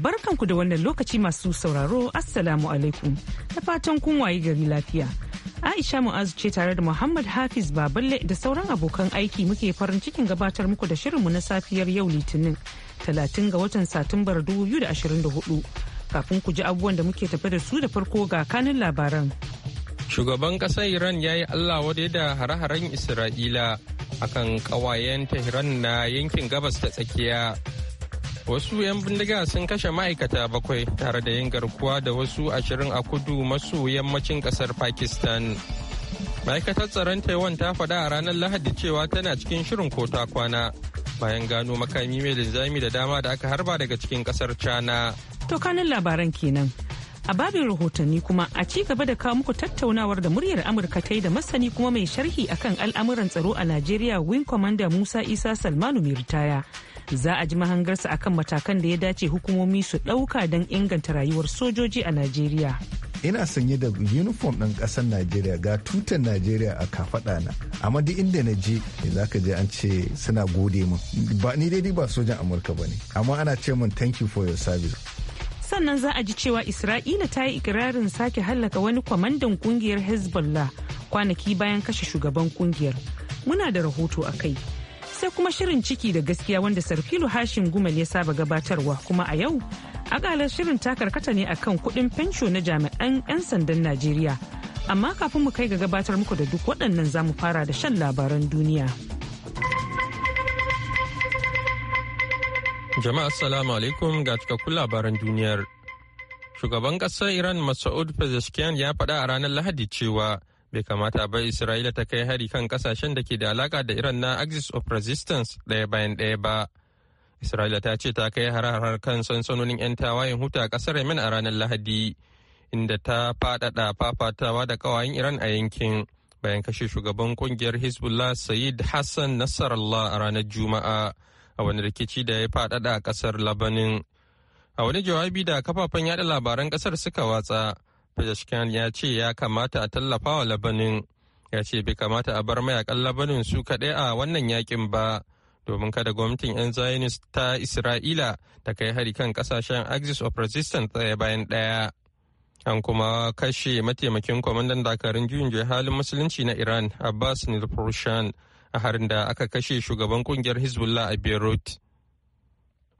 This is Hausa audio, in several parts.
barkanku da wannan lokaci masu sauraro assalamu alaikum da fatan kun waye gari lafiya aisha mu'azu ce tare da muhammad hafiz baballe da sauran abokan aiki muke farin cikin gabatar muku da shirinmu na safiyar yau litinin talatin ga watan satumbar 2024 kafin ku ji abubuwan da muke tafi da su da farko ga kanin labaran shugaban ƙasar iran ya yi allah wadai da hare-haren isra'ila akan ƙawayen tehran na yankin gabas ta tsakiya wasu 'yan bindiga sun kashe ma'aikata bakwai tare da yin garkuwa da wasu ashirin a kudu maso yammacin kasar pakistan ma'aikatar tsaron taiwan ta faɗa a ranar lahadi cewa tana cikin shirin kota kwana bayan gano makami mai linzami da dama da aka harba daga cikin kasar china to kanin labaran kenan a babin rahotanni kuma a ci gaba da kawo muku tattaunawar da muryar amurka ta yi da masani kuma mai sharhi akan al'amuran tsaro a najeriya wing commander musa isa salmanu mai ritaya za a ji mahangarsa akan matakan da ya dace hukumomi su ɗauka don inganta rayuwar sojoji a Najeriya. Ina sanye da uniform ɗin ƙasar Najeriya ga tutar Najeriya a kafaɗa na. Amma duk inda na je za ka je an ce suna gode mun Ba ni daidai ba sojan Amurka ba ne. Amma ana ce mun thank you for your service. Sannan za a ji cewa Isra'ila ta yi ikirarin sake hallaka wani kwamandan kungiyar Hezbollah kwanaki bayan kashe shugaban kungiyar. Muna da rahoto a kai. sai kuma shirin ciki da gaskiya wanda sarfilu hashin gumal ya saba gabatarwa kuma a yau akalar shirin ta karkata ne akan kudin fensho na jami'an 'yan sandan najeriya amma kafin mu kai ga gabatar muku da duk waɗannan za mu fara da shan labaran duniya jama'a assalamu alaikum ga cikakkun labaran duniyar shugaban ƙasar iran masaud pezeshkian ya faɗa a ranar lahadi cewa bai kamata ba isra'ila ta kai hari kan kasashen da ke da alaka da iran na axis of resistance ɗaya bayan ɗaya ba isra'ila ta ce ta kai harar kan sansanonin 'yan tawayen huta a ƙasar yemen a ranar lahadi inda ta faɗaɗa fafatawa da ƙawayen iran a yankin bayan kashe shugaban kungiyar hezbollah sayid hassan nasarallah a ranar juma'a a wani rikici da ya faɗaɗa a ƙasar labanin a wani jawabi da kafafen yada labaran ƙasar suka watsa Pezeshkian ya ce ya kamata a tallafa wa Labanin. Ya ce bai kamata a bar mayakan Labanin su kaɗai a wannan yakin ba. Domin kada gwamnatin 'yan Zionist ta Isra'ila ta kai hari kan kasashen Axis of Resistance tsaye bayan ɗaya. An kuma kashe mataimakin kwamandan dakarun juyin halin musulunci na Iran Abbas Nilfurushan a harin da aka kashe shugaban kungiyar Hezbollah a Beirut.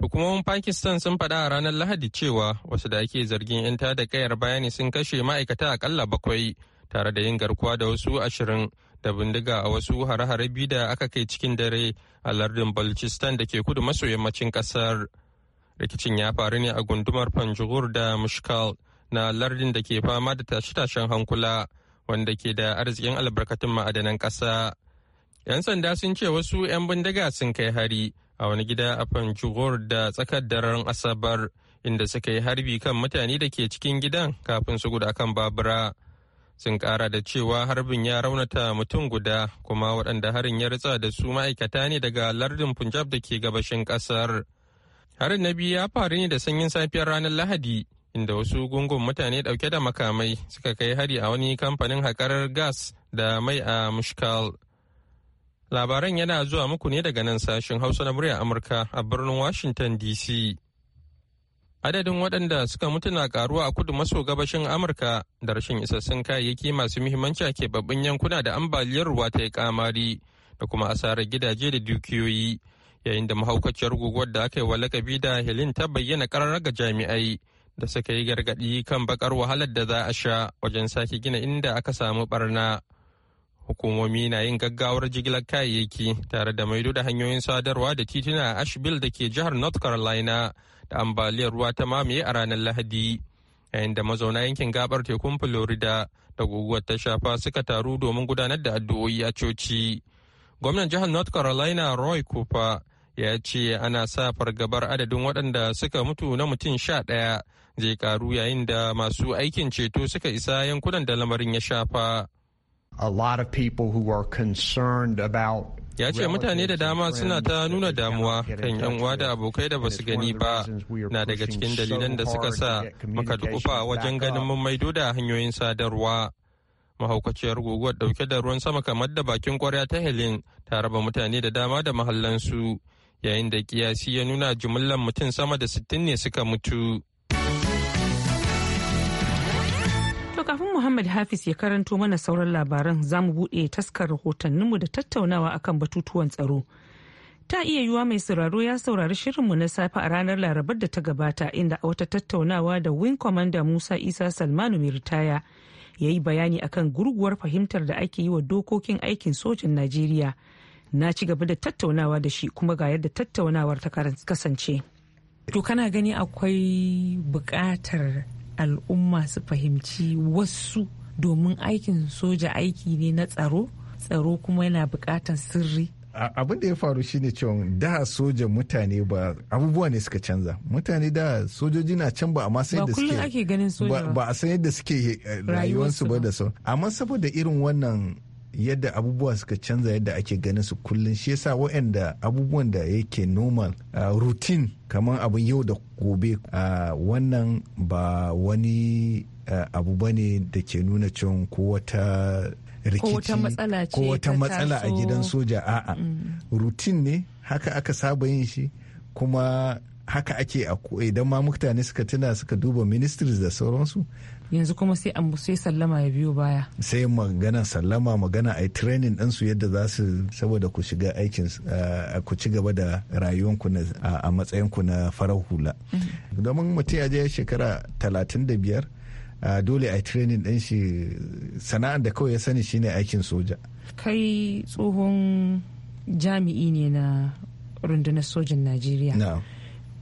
Hukumomin Pakistan sun faɗa a ranar Lahadi cewa wasu da ake zargin 'yan tada kayar bayani sun kashe ma'aikata akalla bakwai tare da yin garkuwa da wasu ashirin da bindiga a wasu hare-hare biyu da aka kai cikin dare a lardin Balchistan da ke kudu maso yammacin ƙasar. Rikicin ya faru ne a gundumar Panjgur da Mushkal na lardin da ke fama da tashe-tashen hankula wanda ke da arzikin albarkatun ma'adanan ƙasa. 'Yan sanda sun ce wasu 'yan bindiga sun kai hari a wani gida a Panchugor da tsakar daren Asabar inda suka yi harbi kan mutane da ke cikin gidan kafin su guda kan babura. Sun kara da cewa harbin ya raunata mutum guda kuma waɗanda harin ya ritsa da su ma'aikata ne daga lardin Punjab da ke gabashin ƙasar. Harin na biyu ya faru ne da sanyin safiyar ranar Lahadi inda wasu gungun mutane ɗauke da makamai suka kai hari a wani kamfanin haƙar gas da mai a Mushkal. Labaran yana zuwa muku ne daga nan sashen Hausa na murya Amurka a birnin Washington DC. Adadin waɗanda suka mutu na karuwa a kudu maso gabashin Amurka da rashin isassun kayayyaki masu muhimmanci a keɓaɓɓun yankuna da ambaliyar ruwa ta yi kamari da kuma asarar gidaje da dukiyoyi yayin da mahaukaciyar guguwar da aka yi wa lakabi da Helin ta bayyana ƙarar ga jami'ai da suka yi gargaɗi kan bakar wahalar da za a sha wajen sake gina inda aka samu barna. hukumomi na yin gaggawar jigilar kayayyaki tare da maido da hanyoyin sadarwa da tituna a ashville da ke jihar north carolina da ambaliyar ruwa ta mamaye a ranar lahadi yayin da mazauna yankin gabar tekun florida da guguwar ta shafa suka taru domin gudanar da addu'o'i a coci gwamnan jihar north carolina roy cooper ya ce ana sa fargabar adadin waɗanda suka mutu na mutum sha ɗaya zai karu yayin da masu aikin ceto suka isa yankunan da lamarin ya shafa a lot of people who are concerned about ya ce mutane da dama suna ta nuna damuwa kan yan uwa da abokai da basu gani ba na daga cikin dalilan da suka sa muka dukufa wajen ganin mun maido da hanyoyin sadarwa mahaukaciyar guguwar dauke da ruwan sama kamar da bakin kwarya ta helin ta raba mutane da dama da mahallansu yayin da kiyasi ya nuna jumlar mutum sama da sittin ne suka mutu kafin Muhammad Hafiz ya karanto mana sauran labaran za mu buɗe taskar rahotanninmu da tattaunawa akan batutuwan tsaro. Ta iya yiwa mai sauraro ya saurari shirinmu na safe a ranar Larabar da ta gabata inda a wata tattaunawa da Wing Commander Musa Isa Salmanu mai ritaya ya yi bayani akan gurguwar fahimtar da ake yi wa dokokin aikin sojin Najeriya. Na ci gaba da tattaunawa da shi kuma ga yadda tattaunawar ta kasance. To kana gani akwai bukatar. al'umma su fahimci wasu domin aikin soja aiki ne na tsaro tsaro kuma yana bukatar sirri abin da ya faru shine cewa da soja mutane ba abubuwa ne suka canza mutane da sojoji na can ba a san yadda suke ba a san yadda suke eh, rayuwarsu ba da sau amma saboda irin wannan yadda abubuwa suka canza yadda ake ganin su kullum shi yasa waɗanda abubuwan da yake normal uh, routine kamar abin yau da gobe uh, wannan ba wani uh, abu bane da ke nuna cewa ko wata rikici ko wata matsala a gidan soja a'a mm. routine ne haka aka saba yin shi kuma haka ake idan ma mutane suka tuna suka duba ministries da sauransu yanzu kuma sai an sai sallama ya biyo baya sai magana sallama magana ai training din su yadda za su saboda ku shiga aikin eh, ku ci gaba da rayuwanku a matsayin ku na farar hula mm-hmm. domin mutum ya je shekara 35 eh, dole ai training din shi sana'ar da kawai ya sani shine aikin soja kai tsohon jami'i ne na rundunar sojin najeriya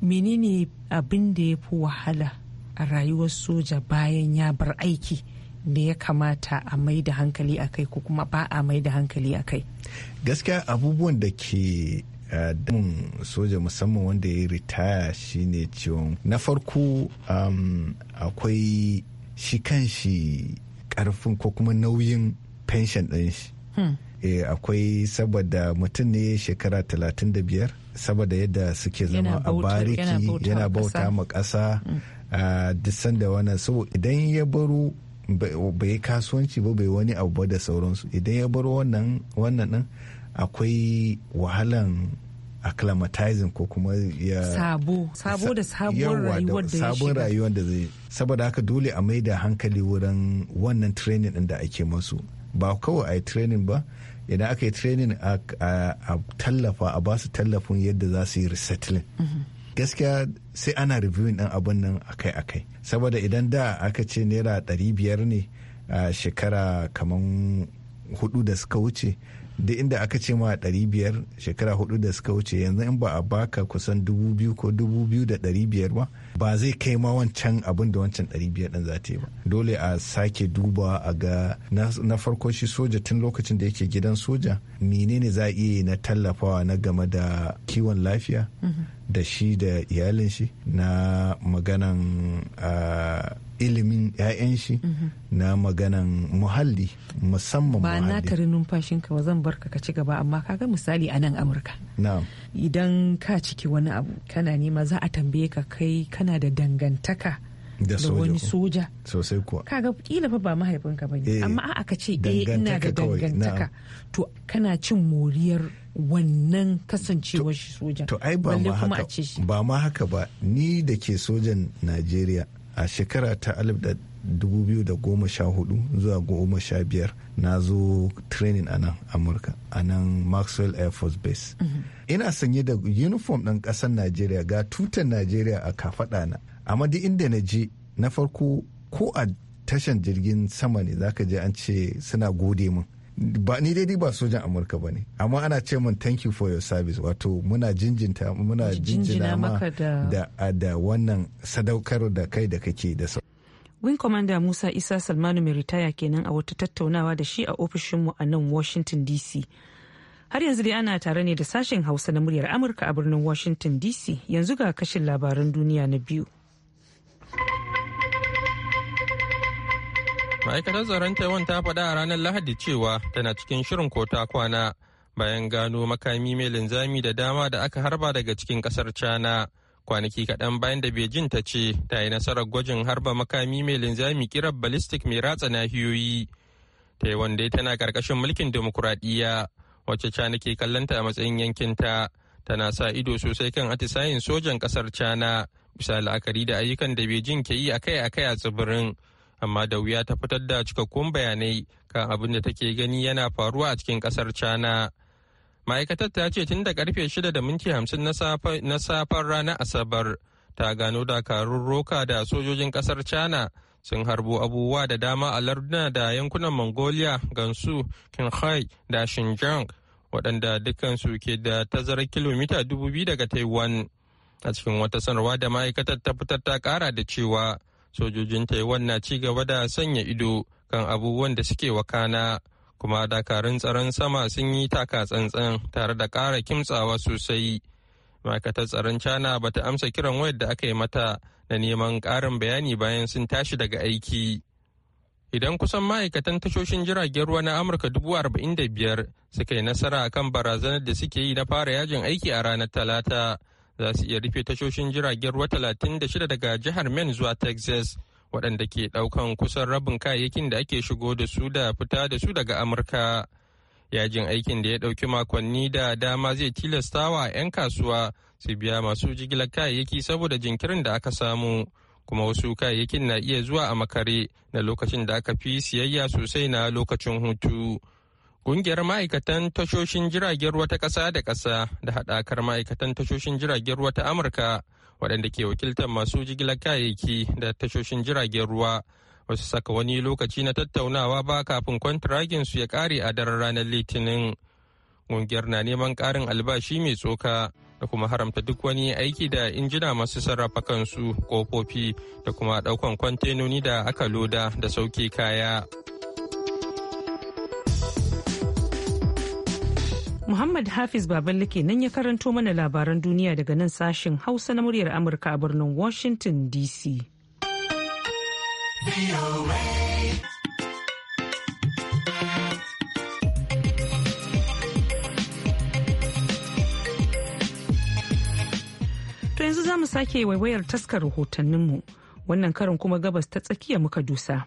menene abin da ya fi wahala a rayuwar soja bayan ya bar aiki da ya kamata a mai da hankali a kai ko kuma ba a mai da hankali a kai gaskiya abubuwan da ke eh, damun soja musamman wanda ya ritaya shine ciwon na farko um, akwai shi kan shi karfin ko kuma nauyin pension ɗin shi e, akwai saboda mutum ne shekara 35 saboda yadda suke zama a bariki yana bauta ma ƙasa hmm. duk sanda wannan so idan ya baro bai kasuwanci ba bai wani abu ba da sauransu idan ya baro wannan wannan din akwai wahalan acclimatizing ko kuma ya sabo sabo da sabon rayuwar da sabon rayuwar da zai saboda haka dole a mai da hankali wurin wannan training din da ake masu ba kawai a yi training ba idan aka yi training a tallafa a basu tallafin yadda za su yi resettling mm-hmm. gaskiya sai ana reviewing ɗin abun nan akai-akai saboda idan da aka ce naira ɗari biyar ne a shekara kaman hudu da suka wuce da inda aka ce ma ɗari biyar shekara hudu da suka wuce yanzu in ba a baka kusan dubu biyu ko dubu biyu da ɗari biyar ba ba zai kai ma wancan abin da wancan ɗari biyar ɗin za yi ba dole a sake duba a ga na farko shi soja tun lokacin da yake gidan soja menene za a iya na tallafawa na game da kiwon lafiya mm-hmm. da shi da iyalin shi na maganan ilimin 'ya'yan shi na maganan muhalli musamman ba na tare numfashinka ba zan bar ka ci gaba amma kaga misali a nan amurka idan ka ciki wani abu kana nema za a tambaye ka kai kana da dangantaka da wani soja sosai kuwa kaga kila fa ba mahaifinka ba ne eh, amma a'a ka ce eh, ina da dangantaka to kana cin moriyar wannan kasancewar shi soja to ai ba ma haka ba ma haka ba ni da ke sojan najeriya a shekara ta alif da sha hudu zuwa biyar. na zo training a nan amurka a nan maxwell air force base mm-hmm. ina sanye da uniform ɗin ƙasar najeriya ga tutan najeriya a kafaɗa na amma duk inda na je na farko ko a tashan jirgin sama ne zaka je an ce suna gode min ba ni dai ba sojan amurka ba ne amma ana ce mun thank you for your service wato muna jinjinta muna jinjina ma da da wannan sadaukar da kai da kake da sau Wing Commander Musa Isa Salmanu mai ritaya kenan a wata tattaunawa da shi a ofishinmu a nan Washington DC. Har yanzu dai ana tare ne da sashen Hausa na muryar Amurka a birnin Washington DC yanzu ga kashin labaran duniya na biyu. ma'aikatar tsaron taiwan ta faɗa a ranar lahadi cewa tana cikin shirin kota kwana bayan gano makami mai linzami da dama da aka harba daga cikin kasar china kwanaki kaɗan bayan da beijing ta ce ta yi nasarar gwajin harba makami mai linzami kirar ballistic mai ratsa nahiyoyi taiwan dai tana ƙarƙashin mulkin demokuraɗiyya wacce china ke kallonta a matsayin yankinta tana sa ido sosai kan atisayin sojan ƙasar china bisa la'akari da ayyukan da beijing ke yi akai-akai a tsibirin amma da wuya ta fitar da cikakkun bayanai kan abin da take gani yana faruwa a cikin kasar china ma'aikatar ta ce tun da karfe 6 da minti 50 na safar ranar asabar ta gano dakarun roka da sojojin kasar china sun harbo abubuwa da dama a larduna da yankunan mongolia gansu qinghai da xinjiang waɗanda dukansu ke da tazarar kilomita 2000 daga taiwan a cikin wata sanarwa da ma'aikatar ta fitar ta kara da cewa sojojin taiwan na ci gaba da sanya ido kan abubuwan da suke wakana kuma dakarun tsaron sama sun yi taka tsantsan tare da ƙara kimtsawa sosai ma'aikatar tsaron china ba ta amsa kiran wayar da aka yi mata na neman ƙarin bayani bayan sun tashi daga aiki idan kusan ma'aikatan tashoshin jiragen ruwa na amurka dubu arba'in da biyar suka yi nasara kan barazanar da suke yi na fara yajin aiki a ranar talata za su iya rufe tashoshin jiragen ruwa 36 daga jihar Maine zuwa Texas waɗanda ke ɗaukan kusan rabin kayayyakin da ake shigo da su da fita da su daga Amurka. Yajin aikin da ya ɗauki makonni da dama zai tilastawa 'yan kasuwa su biya masu jigilar kayayyaki saboda jinkirin da aka samu. kuma wasu kayayyakin na iya zuwa a makare na lokacin da aka fi siyayya sosai na lokacin hutu. Ƙungiyar ma'aikatan tashoshin jiragen ruwa ta ƙasa da ƙasa da haɗakar ma'aikatan tashoshin jiragen ruwa ta Amurka waɗanda ke wakiltar masu jigilar kayayyaki da tashoshin jiragen ruwa ba saka wani lokaci na tattaunawa ba kafin kwantiragin su ya ƙare a daren ranar Litinin. Ƙungiyar na neman ƙarin albashi mai tsoka. da kuma haramta duk wani aiki da injina masu sarrafa kansu kofofi da kuma ɗaukan kwantenoni da aka loda da sauke kaya. Muhammad Hafiz Baballake nan ya karanto mana labaran duniya daga nan sashen Hausa na muryar Amurka a birnin Washington DC. To yanzu za mu sake waiwayar taskar rahotanninmu wannan karin kuma gabas ta tsakiya muka dusa.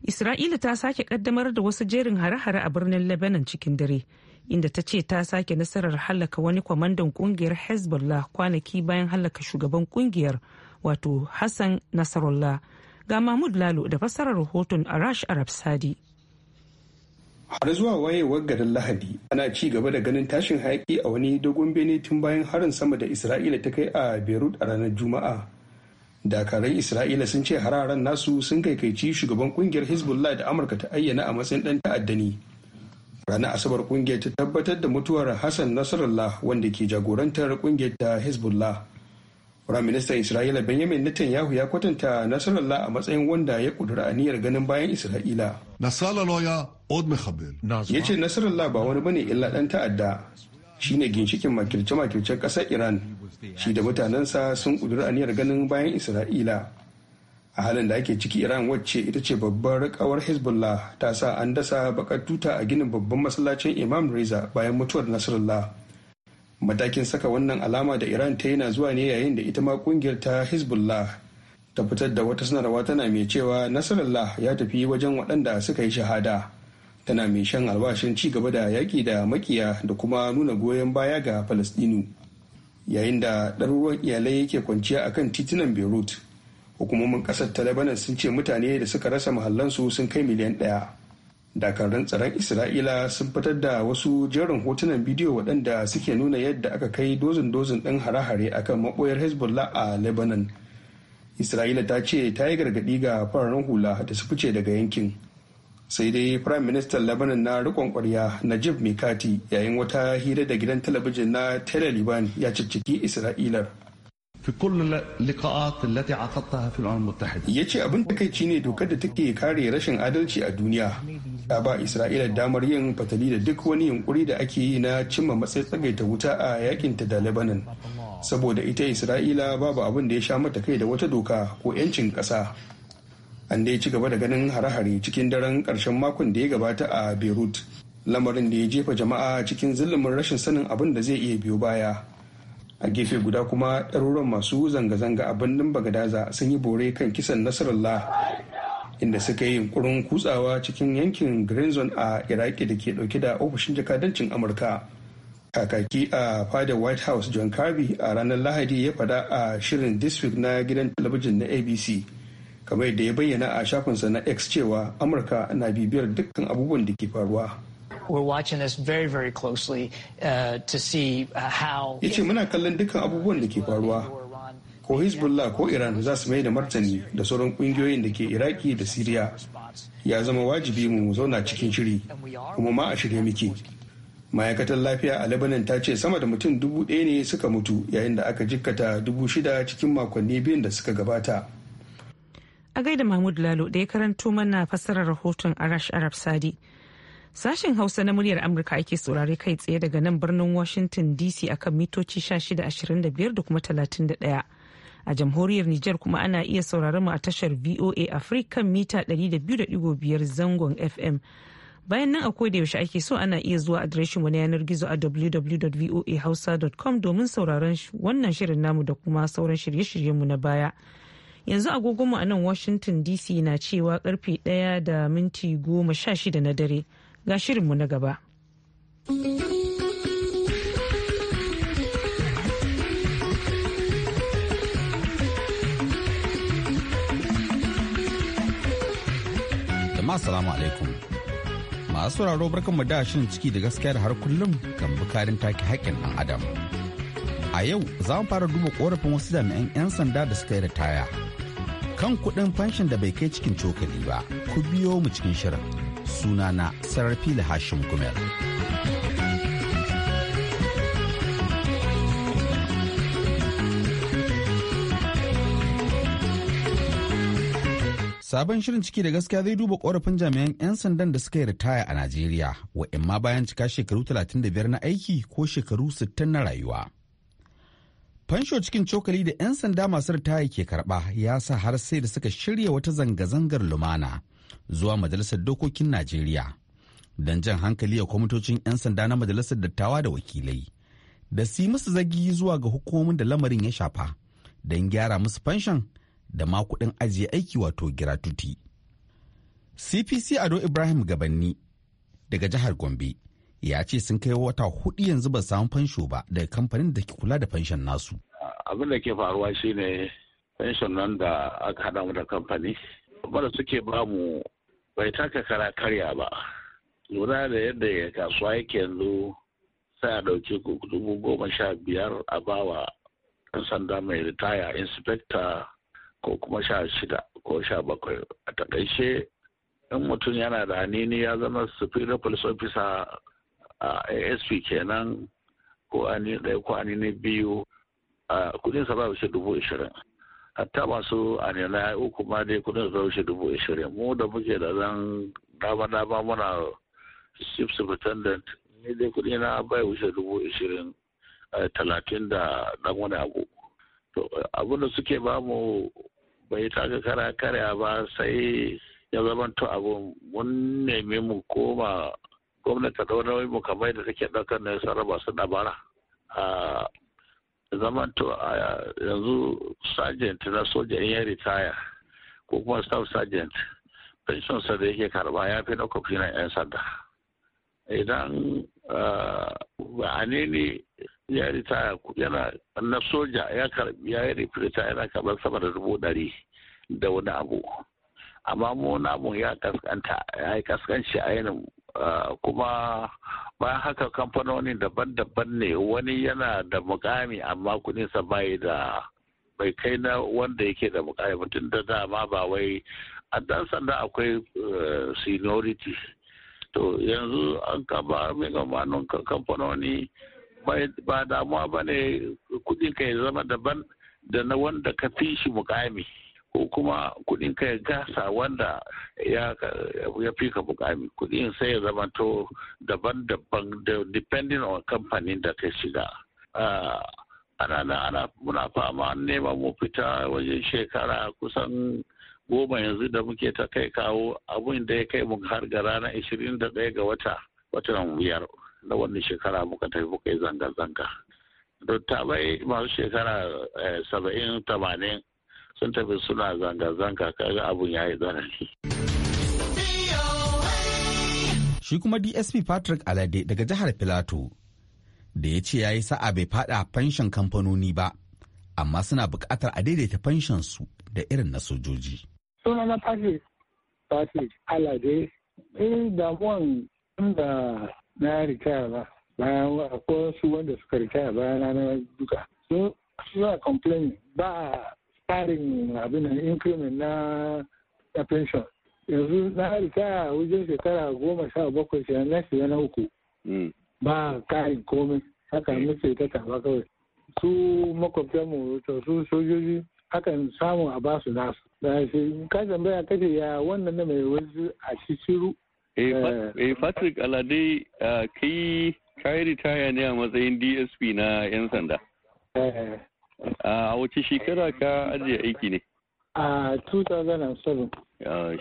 Isra'ila ta sake kaddamar da wasu jerin hare-hare a birnin Lebanon cikin dare. inda ta ce ta sake nasarar hallaka wani kwamandan kungiyar hezbollah kwanaki bayan hallaka shugaban kungiyar wato hassan nasarallah ga mahmud lalo da fassarar rahoton arash arab sadi har zuwa wayewar garin lahadi ana ci gaba da ganin tashin hayaki a wani dogon bene tun bayan harin sama da isra'ila ta kai a beirut a ranar juma'a dakarai isra'ila sun ce hararen nasu sun kaikaici shugaban kungiyar hezbollah da amurka ta ayyana a matsayin dan ta'addani. ranar asabar kungiyar ta tabbatar da mutuwar hassan nasarallah wanda ke jagorantar kungiyar ta hezbollah Firaministan Isra'ila Benjamin Netanyahu ya kwatanta Nasarallah a matsayin wanda ya kudura aniyar ganin bayan Isra'ila. Ya ce Nasarallah ba wani bane illa ɗan ta'adda shi ne ginshikin makirce-makircen ƙasar Iran. Shi da mutanensa sun kudura aniyar ganin bayan Isra'ila. a halin da ake ciki iran wacce ita ce babbar kawar hezbollah ta sa an dasa bakar tuta a ginin babban masallacin imam reza bayan mutuwar nasarallah matakin saka wannan alama da iran ta yi na zuwa ne yayin da ita ma kungiyar ta hezbollah ta fitar da wata sanarwa tana mai cewa nasarallah ya tafi wajen waɗanda suka yi shahada tana mai shan albashin ci gaba da yaƙi da makiya da kuma nuna goyon baya ga falastinu yayin da ɗaruruwan iyalai yake kwanciya akan titunan beirut hukumomin kasar ta lebanon sun ce mutane da suka rasa mahallansu sun kai miliyan ɗaya dakarun tsaron isra'ila sun fitar da wasu jerin hotunan bidiyo waɗanda suke nuna yadda aka kai dozin dozin ɗin hare-hare akan maɓoyar hezbollah a lebanon isra'ila ta ce ta yi gargaɗi ga fararen hula da su fice daga yankin sai dai prime minister lebanon na rikon kwarya najib mikati yayin wata hira da gidan talabijin na tele liban ya cicciki isra'ilar fi kullu yace abin takeici ne dokar da take kare rashin adalci a duniya ta ba Isra'ila damar yin fatali da duk wani yunkuri da ake yi na cimma matsayin tsagaita wuta a yakin ta da Lebanon saboda ita Isra'ila babu abin da ya sha mata kai da wata doka ko 'yancin ƙasa an dai ci gaba da ganin hare-hare cikin daren ƙarshen makon da ya gabata a Beirut lamarin da ya jefa jama'a cikin zillumin rashin sanin abin da zai iya biyo baya a gefe guda kuma ɗaruran masu zanga-zanga a birnin bagadaza sun yi bore kan kisan nasarallah inda suka yi yunkurin kutsawa cikin yankin green zone a iraki da ke ɗauke da ofishin jakadancin amurka kakaki a fadar white house john kirby a ranar lahadi ya fada a shirin district na gidan talabijin na abc kamar da ya bayyana a shafinsa na x cewa amurka na bibiyar dukkan abubuwan da ke faruwa We're watching this very, very closely uh, to see uh, how. Ya muna kallon dukkan abubuwan da ke faruwa. Ko Hezbollah ko Iran za su mai da martani da sauran kungiyoyin da ke Iraki da Siriya. Ya zama wajibi mu zauna cikin shiri, kuma ma a shirye muke. ma'aikatar lafiya a lebanon ta ce sama da mutum dubu ɗaya ne suka mutu yayin da aka jikkata dubu shida cikin makonni biyun da suka gabata a gaida mahmud lalo da ya karanto mana fassarar rahoton arash arab sadi Sashen Hausa na muryar Amurka ake saurare kai tsaye daga nan birnin Washington DC kan mitoci 1625 da kuma 31. A jamhuriyar Nijar kuma ana iya saurare mu a tashar VOA Africa mita 200.5 zangon FM. Bayan nan akwai da yaushe ake so ana iya zuwa adireshin wani yanar gizo a www.voahausa.com domin sauraron wannan shirin namu da kuma sauran shirye-shiryenmu na baya. yanzu agogonmu a nan washington dc na cewa karfe 1 da minti goma sha shida na dare ga mu na gaba. jama'a salamu alaikum masu sauraro barkanmu da shirin ciki da gaskiya da har kullum kan bukarin take haƙƙin ɗan adam a yau za mu fara duba korafin wasu jami'an 'yan sanda da suka yi ritaya kan kuɗin fanshin da bai kai cikin cokali ba ku biyo mu cikin shirin sunana sarrafi Hashim Gumel. Sabon shirin ciki da gaskiya zai duba korafin jami'an 'yan sandan da suka yi ritaya a Najeriya, ma bayan cika shekaru 35 na aiki ko shekaru 60 na rayuwa. Fansho cikin cokali da 'yan sanda masu ritaya ke karba ya sa har sai da suka shirya wata zanga-zangar lumana zuwa Majalisar Dokokin Najeriya don jan hankali a kwamitocin 'yan sanda na majalisar dattawa da wakilai da su musu zagi zuwa ga hukumomin da lamarin ya shafa don gyara musu fanshan da ma kuɗin ajiye aiki wato giratuti. cpc ado ibrahim gabanni daga jihar gombe ya ce sun kai wata hudu yanzu ba samu fansho ba daga kamfanin da ke kula da fanshan nasu abin da ke faruwa shine fanshan nan da aka hada mu da kamfani wanda suke bamu bai taka kara karya ba lura da yadda kasuwa yake yanzu sai a ɗauki dubu goma sha biyar a bawa ɗan sanda mai ritaya inspekta ko kuma sha shida ko sha bakwai a takaice in mutum yana da hanini ya zama superior police officer a asp kenan ko anini ɗaya ko anini biyu a kudin sa ba shi dubu ishirin hatta masu anina ya uku ma dai kudin sa shi dubu ishirin mu da muke da zan dama dama muna chief superintendent ni dai kuɗi na bai wuce dubu ishirin eh, talatin da ɗan wani abu to abin da suke bamu bai taka kara karya ba sai ya zama to abun mun nemi mu koma gwamnati ta ɗaura mu kamar da take ɗaukar na sarrafa su dabara a ah, zaman to ah, yanzu sergeant na soja in ya ritaya ko kuma staff sergeant pension sa da yake karba ya fi na kofi na yan sanda idan ba ah, ne ya ritaya yana na soja ya karbi ya yi yana karɓar sama da dubu ɗari da wani abu amma mu namu ya kaskanta ya yi kaskanci a yanin ah, kuma bayan haka kamfanoni daban-daban ne wani yana da mukami amma kudinsa bai da bai kai na wanda yake da mukami mutum da dama ba wai a dan sanda akwai ah, seniority to yanzu an kama megamanin kamfanoni ba damuwa ba ne kudin ka ya zama daban da na wanda ka fi shi mukami ko kuma kudin ka ya gasa wanda ya fi ka mukami kudin sai ya zama to daban-daban da depending on kamfanin da ka shiga ana ana muna fama neman mu fita wajen shekara kusan goma yanzu da muke ta kai kawo abin da ya kai mu har ga rana ishirin da ɗaya ga wata watan biyar na wannan shekara muka tafi muka yi zanga-zanga. bai masu shekara eh, saba'in tamanin sun tafi suna zanga-zanga kaga abun ya yi zanani. Shi kuma DSP Patrick Alade daga jihar Filato da ya ce ya yi sa'a bai fada fanshin kamfanoni ba, amma suna bukatar a daidaita fanshin su da irin na sojoji. sunana Patrick Patrick Alade eh damuwan da na ritaya ba bayan akwai wasu wanda suka ritaya bayan na duka so complain ba tsarin abin increment na na pension yanzu na ritaya wajen shekara goma sha bakwai shi na na uku mm. ba karin komai haka ta kawai su su sojoji akan samu a basu nasu da shi ka tambaya kace ya wannan na mai wasu a shishiru. Eh, eh. eh Patrick Alade ah, yi kai ritaya ne a matsayin DSP na yan sanda eh. ah, a wace shekara ka ajiye aiki ne a 2007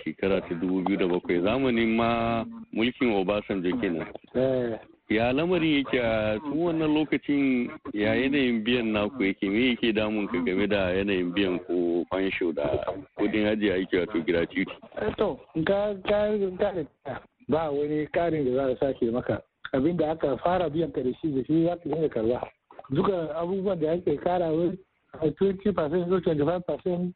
shekara ta 2007 zamanin ma mulkin Obasanjo kenan ya lamarin yake a tun wannan lokacin ya yanayin biyan naku yake me yake damun ka game da yanayin biyan ko fansho da kudin haji aiki wato gratuity eh, to ga ga ga ba wani karin da za a sake maka abin da aka fara biyan ka da shi da shi za ka dinga karba duka abubuwan da ake kara wai 20% ko 25%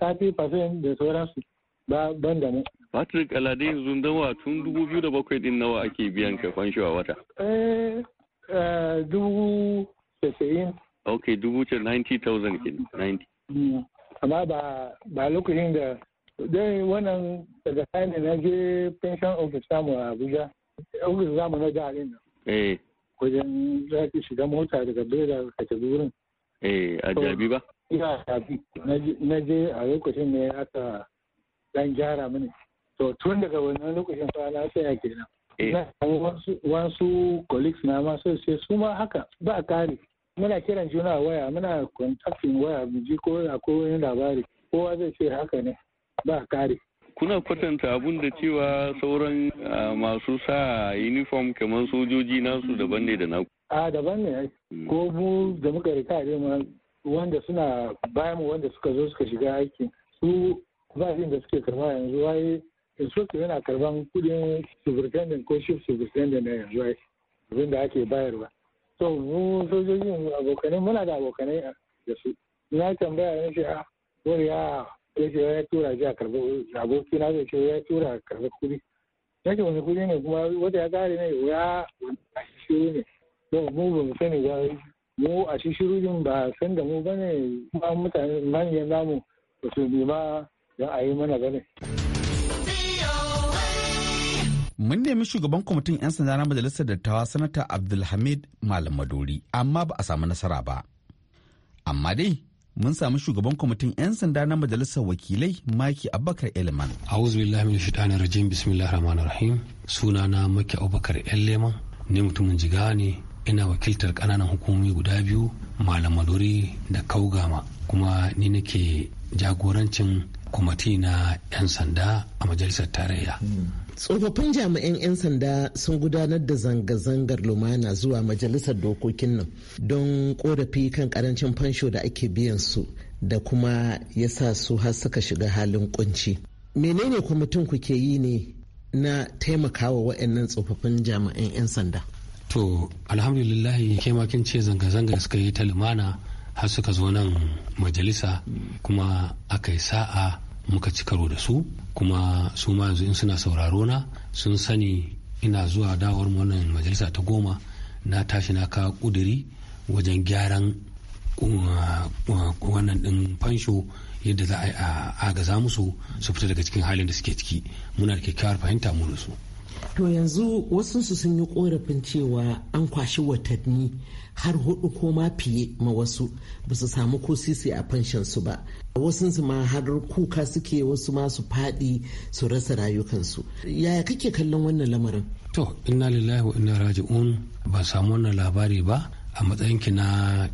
30% da sauransu ba ban da mu Patrick Alade yanzu dawa tun dubu biyu da bakwai din nawa ake biyan ka fansho a wata? Eh, eh, dubu casa'in. Ok, dubu 90,000 ke 90. Mm. Amma ba ba lokacin da don wannan daga kayan na je pension office samu a Abuja. Office zamu na jarin nan. Eh. Wajen za ki shiga mota daga Bera ka tafi wurin. Eh, a Jabi ba? Ina Jabi. Na je a lokacin ne aka dan gyara mini. to tun daga wannan lokacin fa na tsaya kenan eh. na wasu colleagues na ma sai sai su ma haka ba kare muna kiran juna waya muna contacting waya mu ji ko ko wani labari kowa zai ce haka ne ba kare kuna kwatanta abun da cewa sauran ah, masu sa uniform kamar sojoji nasu daban ne da naku a daban ne hmm. ko mu da muka rika ma wanda suna bayan mu wanda suka zo suka shiga aiki su ba da suke karba yanzu waye su yana karban kudin superintendent ko chief superintendent na yanzu ai abin da ake bayarwa so mu sojojin abokanai muna da abokanai da su na tambaya na shi a ah, wani ya ya ce ya tura ji a karɓi aboki na zai ce ya tura a karɓi kudi ya ce wani kudi ne kuma wata ya kare ne ya a shishiru ne to mu ba mu sani ba mu a shishiru din ba san da mu ba ne kuma mutane manyan namu ba su nema don a yi mana ba ne. Mun nemi shugaban kwamitin 'yan sanda na majalisar dattawa sanata Abdulhamid Malam Madori amma ba a samu nasara ba. Amma dai mun samu shugaban kwamitin 'yan sanda na majalisar wakilai maki abubakar eleman a'udhu billahi min shaitani rajim bismillahir rahmanir rahim suna na maki abubakar eleman ne mutumin jiga ne ina wakiltar kananan hukumomi guda biyu malam maduri da kaugama kuma ni nake jagorancin kwamati na 'yan sanda a majalisar tarayya. tsofaffin jami'an 'yan sanda sun gudanar da zanga-zangar lumana zuwa majalisar dokokin nan don korafi kan karancin fansho da ake biyan su da kuma ya sa su har suka shiga halin kunci menene kwamitin ke yi ne na taimakawa waɗannan tsofaffin jami'an 'yan sanda to alhamdulillahi kin ce zanga-zangar suka yi ta lumana har suka zo nan majalisa kuma aka yi sa'a muka ci karo da su kuma su ma yanzu in suna sauraro na sun sani ina zuwa dawar wannan majalisa ta goma na tashi na ka kuduri wajen gyaran uh, uh, wannan din fansho yadda za a agaza musu su fita daga cikin halin da suke ciki muna da kyakkyawar fahimta mu da su To yanzu wasu su sun yi korafin cewa an kwashi watanni har hudu ko ma fiye ma wasu ba su samu ko sisi a fanshan su ba. Wasu su ma har kuka suke wasu ma su faɗi su rasa rayukansu. Yaya kake kallon wannan lamarin? To, inna lillahi wa inna raji'un ban samu wannan labari ba a matsayin ki na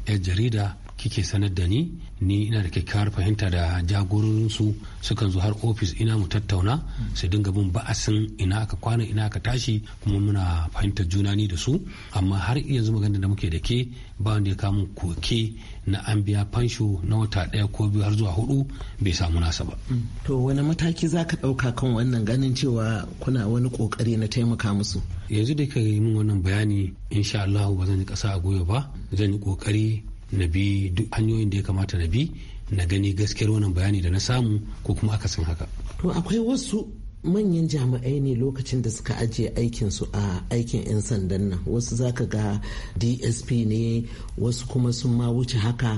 'yar jarida kike sanar da ni ni ina da kyakkyawar fahimta da jagororinsu sukan zo har ofis ina mu tattauna su dinga bin ba'asin ina aka kwana ina aka tashi kuma muna fahimtar juna ni da su amma har yanzu magana da muke da ke ba wanda ya kamun koke na an biya fansho na wata ɗaya ko biyu har zuwa hudu bai samu nasa ba. Mm. To wani mataki za ka ɗauka kan wannan ganin cewa kuna wani ƙoƙari na taimaka musu? Yanzu da ka yi min wannan bayani insha Allah ba zan yi ƙasa a goyo ba zan yi ƙoƙari na bi duk hanyoyin da ya kamata na bi na gani gaskiyar wannan bayani da na samu ko kuma aka san haka to akwai wasu manyan jami'ai ne lokacin da suka ajiye aikin su a aikin 'yan sandan nan wasu zaka ga dsp ne wasu kuma sun ma wuce haka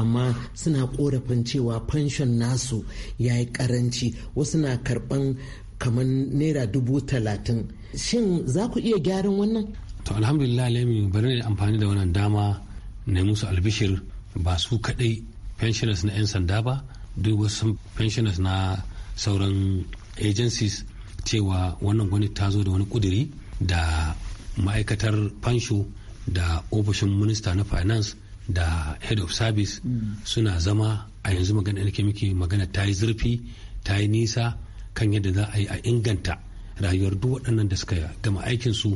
amma suna korafin cewa fanshon nasu ya yi karanci wasu na karban kamar naira dubu talatin shin za ku iya gyaran wannan to alhamdulillah lemi bari ne amfani da wannan dama na musu albishir ba su kadai pensioners na 'yan sanda ba duk wasu pensioners na sauran agencies cewa wannan wani ta zo da wani kuduri da ma'aikatar fansho da ofishin minista na finance da head of service suna zama a yanzu magana da muke magana ta yi zurfi ta yi nisa kan yadda za a yi a inganta rayuwar duk waɗannan da suka gama aikinsu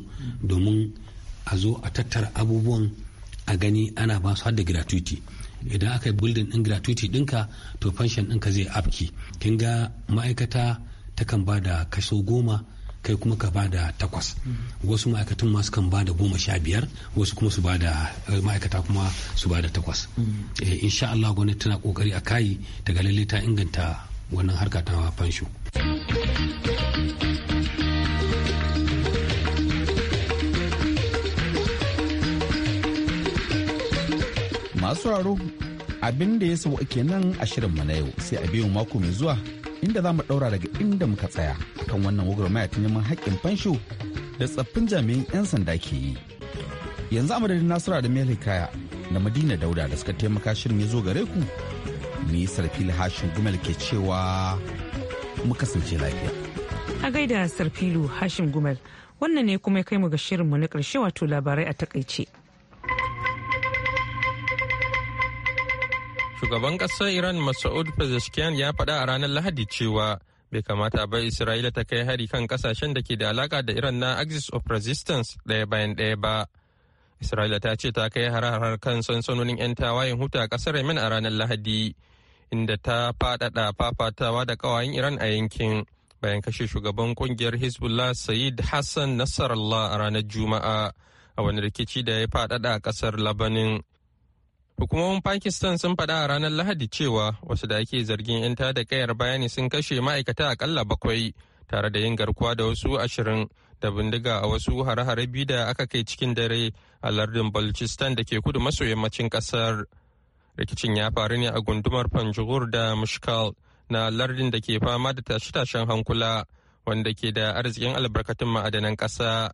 domin a zo a tattara abubuwan a gani ana ba su har da gratuity idan aka yi building din gratuity dinka to pension dinka zai afki kin ga ma'aikata kan ba da kaso goma kai kuma ka ba da takwas wasu ma'aikatan masu kan ba da goma sha biyar wasu kuma su ba da eh, ma'aikata kuma su ba da takwas eh, insha Allah gwamnati tana kokari a kayi daga lalle ta inganta wannan harka ta fansho. masu raro abin da ya ake nan a shirin mu na yau sai a biyu mako mai zuwa inda za mu daura daga inda muka tsaya kan wannan gwagwarmaya ta neman haƙƙin fansho da tsaffin jami'in 'yan sanda ke yi yanzu a madadin da mai kaya na madina dauda da suka taimaka shirin ya zo gare ku ni sarfil hashin gumel ke cewa mu kasance lafiya a gaida sarfilu hashin gumel wannan ne kuma ya kai mu ga shirinmu na ƙarshe wato labarai a takaice. Shugaban ƙasar Iran Masoud Pezeshkian ya faɗa a ranar Lahadi cewa bai kamata ba Isra'ila ta kai hari kan ƙasashen da ke da alaƙa da Iran na Axis of Resistance ɗaya bayan ɗaya ba. Isra'ila ta ce ta kai harar kan sansanonin 'yan tawayen huta ƙasar Yemen a ranar Lahadi, inda ta faɗaɗa fafatawa da ƙawayen Iran a yankin bayan kashe shugaban ƙungiyar Hezbollah Sayyid Hassan Nasarallah a ranar Juma'a a wani rikici da ya faɗaɗa a ƙasar Labanin. Hukumomin Pakistan sun faɗa a ranar Lahadi cewa wasu da ake zargin 'yan tada kayar bayani sun kashe ma'aikata akalla bakwai tare da yin garkuwa da wasu ashirin da bindiga a wasu hare-hare biyu da aka kai cikin dare a lardin Balchistan da ke kudu maso yammacin ƙasar. Rikicin ya faru ne a gundumar Panjgur da Mushkal na lardin da ke fama da tashe-tashen hankula wanda ke da arzikin albarkatun ma'adanan ƙasa.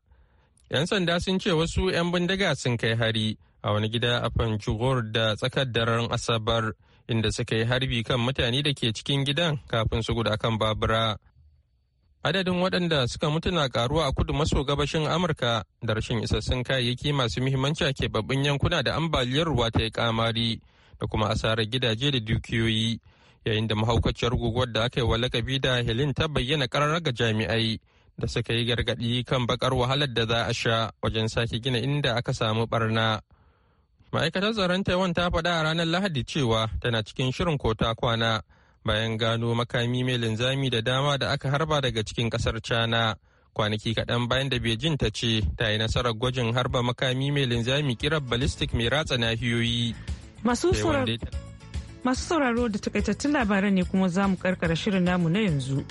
'Yan sanda sun ce wasu 'yan bindiga sun kai hari. a wani gida a Panchugor da tsakar daren Asabar inda suka yi harbi kan mutane da ke cikin gidan kafin su guda kan babura. Adadin waɗanda suka mutu na karuwa a kudu maso gabashin Amurka da rashin isassun kayayyaki masu muhimmanci a keɓaɓɓun yankuna da ambaliyar ruwa ta yi kamari da kuma asarar gidaje da dukiyoyi yayin da mahaukaciyar guguwar da aka yi wa lakabi da Helen ta bayyana karara ga jami'ai. da suka yi gargaɗi kan bakar wahalar da za a sha wajen sake gina inda aka samu ɓarna. Ma'aikatar tsaron Taiwan ta faɗa a ranar Lahadi cewa tana cikin shirin kota kwana bayan gano makami mai linzami da dama da aka harba daga cikin kasar China. Kwanaki kaɗan bayan da Beijing ta ce ta yi nasarar gwajin harba makami mai linzami kirar ballistic mai ratsa nahiyoyi. Masu sauraro da takaitattun labaran ne kuma za mu karkara shirin namu na yanzu.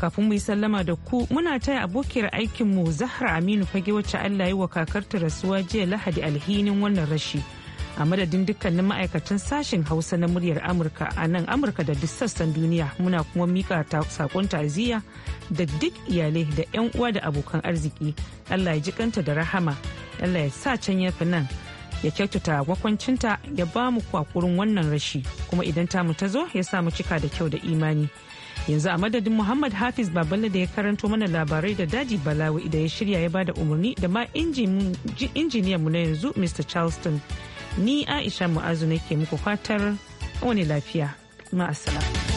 kafin mu yi sallama da ku muna taya abokiyar aikinmu zahra aminu fage wacce allah yi wa kakarta rasuwa jiya lahadi alhinin wannan rashi a madadin dukkanin ma'aikatan sashen hausa na muryar amurka a nan amurka da duk sassan duniya muna kuma mika sakon ta'aziyya da duk iyalai da 'yan uwa da abokan arziki allah ya ji da rahama allah ya sa can ya fi nan ya kyautata makwancinta ya ba mu kwakurin wannan rashi kuma idan ta mu ta zo ya sa mu cika da kyau da imani yanzu a madadin muhammad hafiz baballe da ya karanto mana labarai da daji balawi da ya shirya ya ba da umarni da ma mu na yanzu mr charleston ni aisha mu'azu nake muku fatar wani lafiya ma'asala.